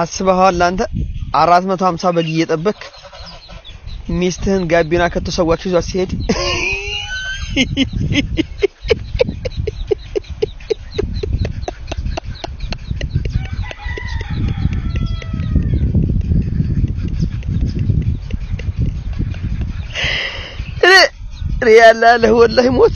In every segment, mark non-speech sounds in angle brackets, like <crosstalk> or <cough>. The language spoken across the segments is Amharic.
አስበሃል ላንተ 450 በግ እየጠበክ ሚስትህን ጋቢና ከቶ ሰዎች ይዟት ሲሄድ ያላለህ ወላሂ ሞት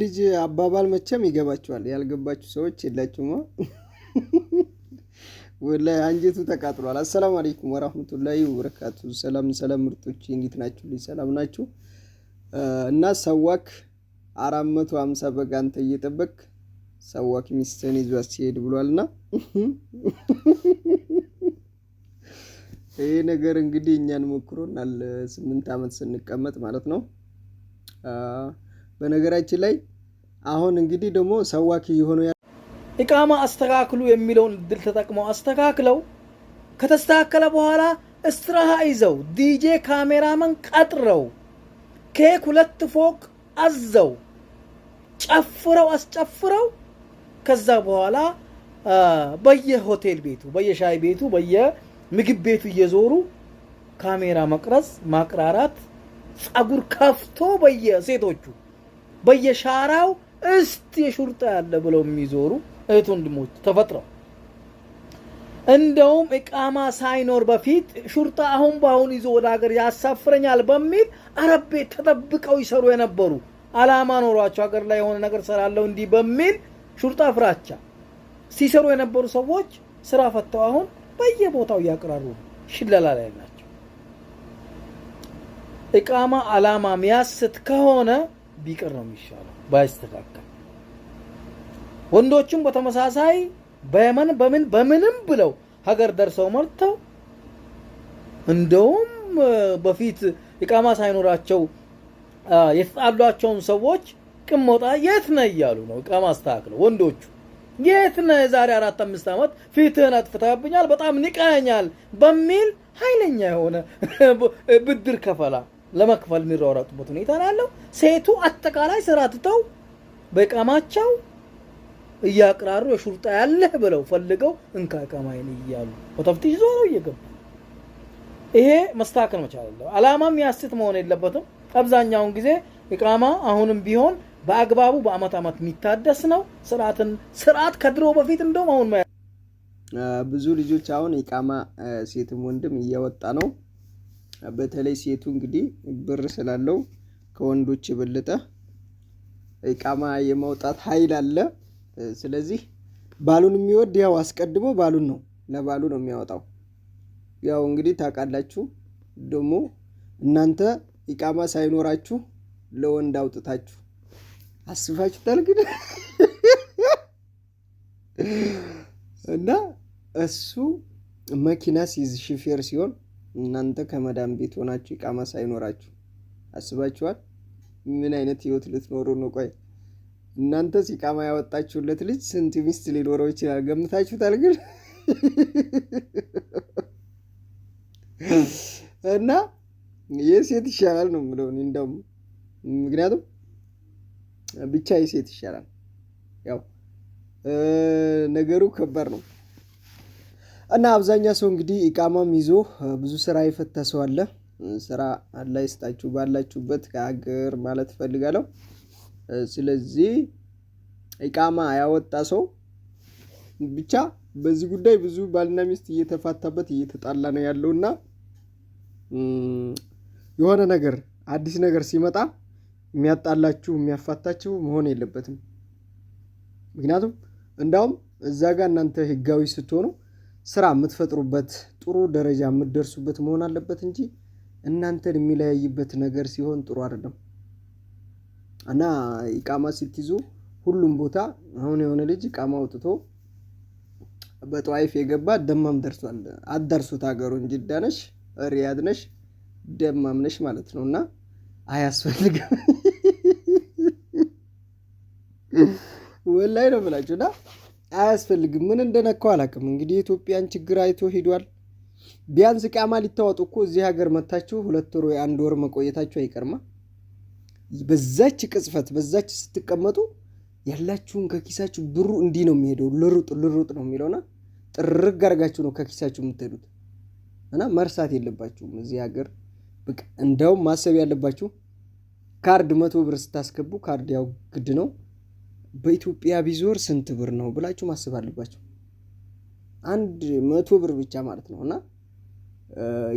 ልጅ አባባል መቼም ይገባችኋል። ያልገባችሁ ሰዎች የላችሁማ። ወላሂ አንጀቱ ተቃጥሏል። አሰላሙ አለይኩም ወራህመቱላሂ ወበረካቱ። ሰላም ሰላም፣ ምርጦች እንዴት ናችሁ? ልጅ ሰላም ናችሁ? እና ሰዋክ አራት መቶ ሀምሳ በግ አንተ እየጠበቅ ሰዋክ ሚስትህን ይዟት ሲሄድ ብሏልና ይህ ነገር እንግዲህ እኛን ሞክሮናል። ስምንት ዓመት ስንቀመጥ ማለት ነው። በነገራችን ላይ አሁን እንግዲህ ደግሞ ሰዋኪ የሆነው ኢቃማ አስተካክሉ የሚለውን እድል ተጠቅመው አስተካክለው ከተስተካከለ በኋላ እስትራሃ ይዘው ዲጄ ካሜራመን ቀጥረው ኬክ ሁለት ፎቅ አዘው ጨፍረው አስጨፍረው ከዛ በኋላ በየሆቴል ቤቱ በየሻይ ቤቱ በየምግብ ቤቱ እየዞሩ ካሜራ መቅረጽ ማቅራራት ጸጉር ከፍቶ በየሴቶቹ በየሻራው እስቲ የሹርጣ ያለ ብለው የሚዞሩ እህት ወንድሞች ተፈጥረው እንደውም እቃማ ሳይኖር በፊት ሹርጣ አሁን በአሁን ይዞ ወደ ሀገር ያሳፍረኛል በሚል አረቤ ተጠብቀው ይሰሩ የነበሩ አላማ ኖሯቸው ሀገር ላይ የሆነ ነገር ሰራለው እንዲህ በሚል ሹርጣ ፍራቻ ሲሰሩ የነበሩ ሰዎች ስራ ፈተው አሁን በየቦታው እያቀራሩ ሽለላ ላይ ናቸው። እቃማ አላማ ሚያስት ከሆነ ቢቀር ነው የሚሻለው ባይስተካከል። ወንዶችም በተመሳሳይ በየመን በምን በምንም ብለው ሀገር ደርሰው መርተው እንደውም በፊት ኢቃማ ሳይኖራቸው የተጣሏቸውን ሰዎች ቅሞጣ የት ነህ እያሉ ነው ኢቃማ አስተካክለው ወንዶቹ የት ነህ የዛሬ አራት አምስት ዓመት ፊትህን አጥፍተህብኛል፣ በጣም ንቀኸኛል በሚል ኃይለኛ የሆነ <laughs> ብድር ከፈላ ለመክፈል የሚሯሯጡበት ሁኔታ ያለው። ሴቱ አጠቃላይ ስራ ትተው በቃማቸው እያቅራሩ የሹርጣ ያለህ ብለው ፈልገው እንካ ቃማይን እያሉ በተፍትሽ ዞሮ እየገቡ ይሄ መስተካከል መቻል አለው። አላማም ያስት መሆን የለበትም። አብዛኛውን ጊዜ እቃማ አሁንም ቢሆን በአግባቡ በአመት አመት የሚታደስ ነው። ስርዓትን ስርዓት ከድሮ በፊት እንደውም አሁን ብዙ ልጆች አሁን ኢቃማ ሴትም ወንድም እየወጣ ነው። በተለይ ሴቱ እንግዲህ ብር ስላለው ከወንዶች የበለጠ ቃማ የማውጣት ኃይል አለ። ስለዚህ ባሉን የሚወድ ያው አስቀድሞ ባሉን ነው ለባሉ ነው የሚያወጣው። ያው እንግዲህ ታውቃላችሁ ደግሞ እናንተ ኢቃማ ሳይኖራችሁ ለወንድ አውጥታችሁ አስፋችሁታል ግን እና እሱ መኪና ሲይዝ ሽፌር ሲሆን እናንተ ከመዳን ቤት ሆናችሁ ቃማ ሳይኖራችሁ አስባችኋል? ምን አይነት ህይወት ልትኖሩ ነው? ቆይ እናንተ ሲቃማ ያወጣችሁለት ልጅ ስንት ሚስት ሊኖረው ይችላል? ገምታችሁታል? ግን እና የሴት ይሻላል ነው የምለው እንደውም ምክንያቱም ብቻ የሴት ይሻላል። ያው ነገሩ ከባድ ነው። እና አብዛኛው ሰው እንግዲህ ኢቃማም ይዞ ብዙ ስራ የፈታ ሰው አለ። ስራ አላህ ይስጣችሁ ባላችሁበት ከሀገር ማለት እፈልጋለሁ። ስለዚህ ኢቃማ ያወጣ ሰው ብቻ በዚህ ጉዳይ ብዙ ባልና ሚስት እየተፋታበት እየተጣላ ነው ያለው እና የሆነ ነገር አዲስ ነገር ሲመጣ የሚያጣላችሁ የሚያፋታችሁ መሆን የለበትም። ምክንያቱም እንዳውም እዛ ጋር እናንተ ህጋዊ ስትሆኑ ስራ የምትፈጥሩበት ጥሩ ደረጃ የምትደርሱበት መሆን አለበት እንጂ እናንተን የሚለያይበት ነገር ሲሆን ጥሩ አይደለም። እና ኢቃማ ስትይዙ ሁሉም ቦታ አሁን የሆነ ልጅ ኢቃማ አውጥቶ በጠዋይፍ የገባ ደማም ደርሷል። አዳርሱት ሀገሩ ጅዳ ነሽ ሪያድ ነሽ ደማም ነሽ ማለት ነው እና አያስፈልግም። <laughs> ወላይ ነው ብላችሁ አያስፈልግም። ምን እንደነካው አላውቅም። እንግዲህ የኢትዮጵያን ችግር አይቶ ሂዷል። ቢያንስ ቃማ ሊታወጡ እኮ እዚህ ሀገር መታችሁ ሁለት ወር አንድ ወር መቆየታችሁ አይቀርማ። በዛች ቅጽፈት በዛች ስትቀመጡ ያላችሁን ከኪሳችሁ ብሩ እንዲህ ነው የሚሄደው፣ ልሩጥ ልሩጥ ነው የሚለውና ጥርግ አድርጋችሁ ነው ከኪሳችሁ የምትሄዱት እና መርሳት የለባችሁም እዚህ ሀገር እንደውም ማሰብ ያለባችሁ ካርድ መቶ ብር ስታስገቡ ካርድ ያው ግድ ነው በኢትዮጵያ ቢዞር ስንት ብር ነው ብላችሁ ማስብ አለባቸው። አንድ መቶ ብር ብቻ ማለት ነው እና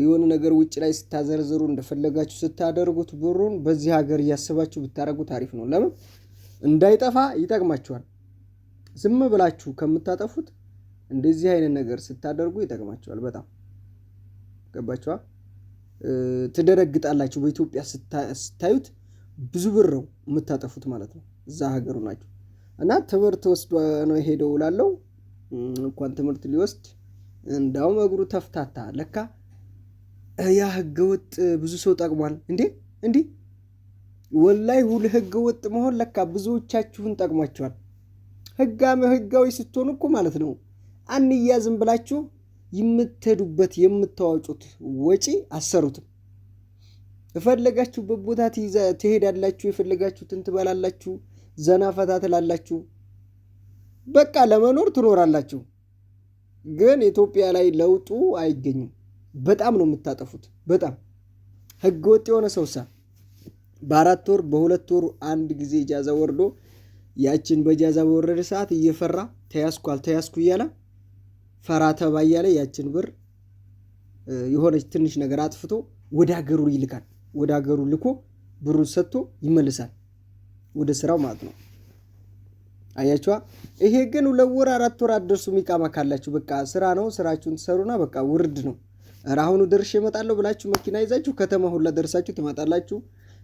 የሆነ ነገር ውጭ ላይ ስታዘርዝሩ እንደፈለጋችሁ ስታደርጉት ብሩን በዚህ ሀገር እያስባችሁ ብታደርጉት አሪፍ ነው። ለምን እንዳይጠፋ ይጠቅማችኋል። ዝም ብላችሁ ከምታጠፉት እንደዚህ አይነት ነገር ስታደርጉ ይጠቅማችኋል። በጣም ገባችኋ? ትደረግጣላችሁ። በኢትዮጵያ ስታዩት ብዙ ብር ነው የምታጠፉት ማለት ነው። እዛ ሀገሩ ናቸው። እና ትምህርት ወስዶ ነው የሄደው ላለው እንኳን ትምህርት ሊወስድ እንዳውም እግሩ ተፍታታ። ለካ ያ ህገ ወጥ ብዙ ሰው ጠቅሟል። እንዴ እንዲህ ወላይ ሁል ህገወጥ መሆን ለካ ብዙዎቻችሁን ጠቅሟቸዋል። ህጋም ህጋዊ ስትሆኑ እኮ ማለት ነው አንያዝም ብላችሁ የምትሄዱበት የምታዋጩት ወጪ አሰሩትም የፈለጋችሁበት ቦታ ትሄዳላችሁ፣ የፈለጋችሁትን ትበላላችሁ። ዘና ፈታ ትላላችሁ፣ በቃ ለመኖር ትኖራላችሁ። ግን ኢትዮጵያ ላይ ለውጡ አይገኝም። በጣም ነው የምታጠፉት። በጣም ህገ ወጥ የሆነ ሰውሳ በአራት ወር በሁለት ወር አንድ ጊዜ ጃዛ ወርዶ ያችን በጃዛ በወረደ ሰዓት እየፈራ ተያዝኩ አልተያዝኩ እያለ ፈራ ተባ እያለ ያችን ብር የሆነች ትንሽ ነገር አጥፍቶ ወደ ሀገሩ ይልካል። ወደ ሀገሩ ልኮ ብሩን ሰጥቶ ይመልሳል። ወደ ስራው ማለት ነው። አያችዋ። ይሄ ግን ለወር አራት ወር አደርሱ ሚቃማ ካላችሁ በቃ ስራ ነው። ስራችሁን ትሰሩና በቃ ውርድ ነው። ኧረ አሁኑ ደርሼ እመጣለሁ ብላችሁ መኪና ይዛችሁ ከተማ ሁላ ደርሳችሁ ትመጣላችሁ።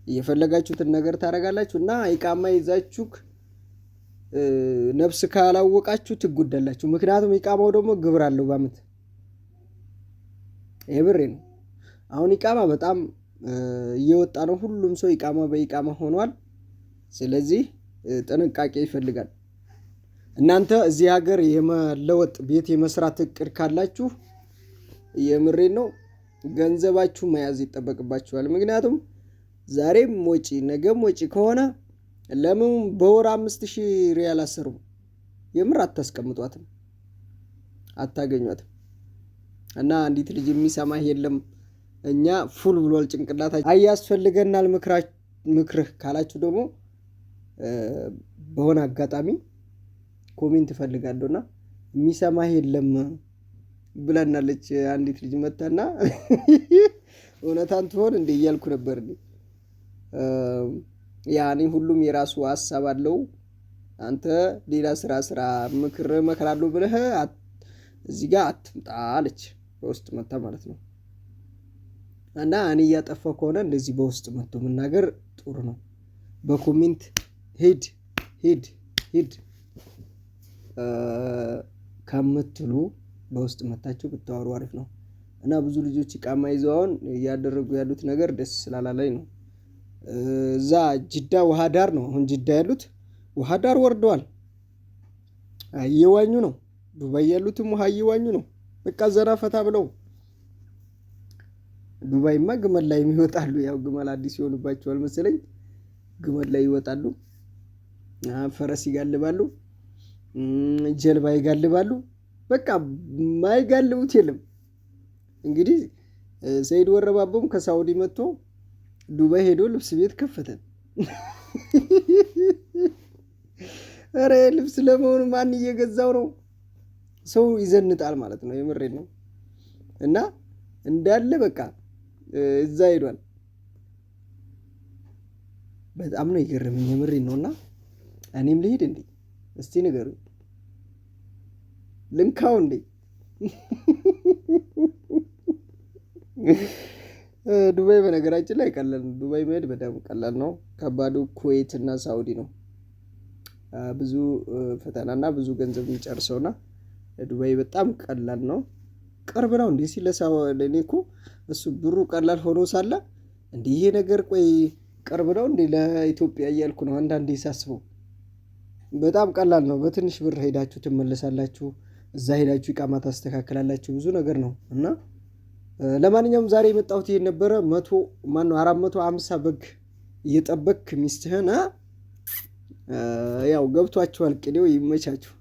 እየፈለጋችሁትን ነገር ታደርጋላችሁ እና ይቃማ ይዛችሁ ነፍስ ካላወቃችሁ ትጎዳላችሁ። ምክንያቱም ይቃማው ደግሞ ግብር አለው በአመት ብሬ ነው። አሁን ይቃማ በጣም እየወጣ ነው። ሁሉም ሰው ይቃማ በይቃማ ሆኗል። ስለዚህ ጥንቃቄ ይፈልጋል። እናንተ እዚህ ሀገር የመለወጥ ቤት የመስራት እቅድ ካላችሁ የምሬ ነው፣ ገንዘባችሁ መያዝ ይጠበቅባችኋል። ምክንያቱም ዛሬም ወጪ ነገም ወጪ ከሆነ ለምን በወር አምስት ሺህ ሪያል አሰሩም? የምር አታስቀምጧትም፣ አታገኟትም። እና አንዲት ልጅ የሚሰማህ የለም እኛ ፉል ብሏል ጭንቅላታ አያስፈልገናል ምክርህ ካላችሁ ደግሞ በሆነ አጋጣሚ ኮሜንት እፈልጋለሁ እና የሚሰማህ የለም ብላናለች አንዲት ልጅ መታና እውነታን ትሆን እንደ እያልኩ ነበር። ያኔ ሁሉም የራሱ ሀሳብ አለው። አንተ ሌላ ስራ ስራ ምክር መከራለሁ ብለህ እዚህ ጋር አትምጣ አለች፣ በውስጥ መታ ማለት ነው። እና እኔ እያጠፋሁ ከሆነ እንደዚህ በውስጥ መጥቶ መናገር ጥሩ ነው። በኮሜንት ሂድ ሂድ ሂድ ከምትሉ በውስጥ መታችሁ ብታወሩ አሪፍ ነው እና ብዙ ልጆች ቃማ ይዘው አሁን እያደረጉ ያሉት ነገር ደስ ስላላለኝ ነው። እዛ ጅዳ ውሃ ዳር ነው አሁን ጅዳ ያሉት ውሃ ዳር ወርደዋል። እየዋኙ ነው። ዱባይ ያሉትም ውሃ እየዋኙ ነው። በቃ ዘና ፈታ ብለው ዱባይማ ግመል ላይ ይወጣሉ። ያው ግመል አዲስ ይሆንባቸዋል መሰለኝ ግመል ላይ ይወጣሉ። ፈረስ ይጋልባሉ፣ ጀልባ ይጋልባሉ። በቃ ማይጋልቡት የለም። እንግዲህ ሰይድ ወረባቦም ከሳውዲ መጥቶ ዱባይ ሄዶ ልብስ ቤት ከፈተ። ኧረ <laughs> ልብስ ለመሆኑ ማን እየገዛው ነው? ሰው ይዘንጣል ማለት ነው። የምሬ ነው። እና እንዳለ በቃ እዛ ሄዷል። በጣም ነው የገረመኝ። የምሬ ነው እና እኔም ልሄድ እንዴ? እስቲ ንገሩ ልንካው እንዴ? ዱባይ በነገራችን ላይ ቀላል ነው። ዱባይ መሄድ በጣም ቀላል ነው። ከባዱ ኩዌት እና ሳውዲ ነው። ብዙ እና ብዙ ገንዘብ የሚጨርሰውና ዱባይ በጣም ቀላል ነው። ቅርብ ነው። እንዲህ ሲለ እኔ እኮ እሱ ብሩ ቀላል ሆኖ ሳለ እንዲህ ይሄ ነገር ቆይ ቅርብ ነው እንዲህ ለኢትዮጵያ እያልኩ ነው አንዳንዴ ሳስበው በጣም ቀላል ነው። በትንሽ ብር ሄዳችሁ ትመለሳላችሁ። እዛ ሄዳችሁ ኢቃማ ታስተካክላላችሁ። ብዙ ነገር ነው እና ለማንኛውም ዛሬ የመጣሁት ይሄን ነበረ። መቶ ማነው አራት መቶ አምሳ በግ እየጠበክ ሚስትህን ያው ገብቷችኋል። ቅኔው ይመቻችሁ።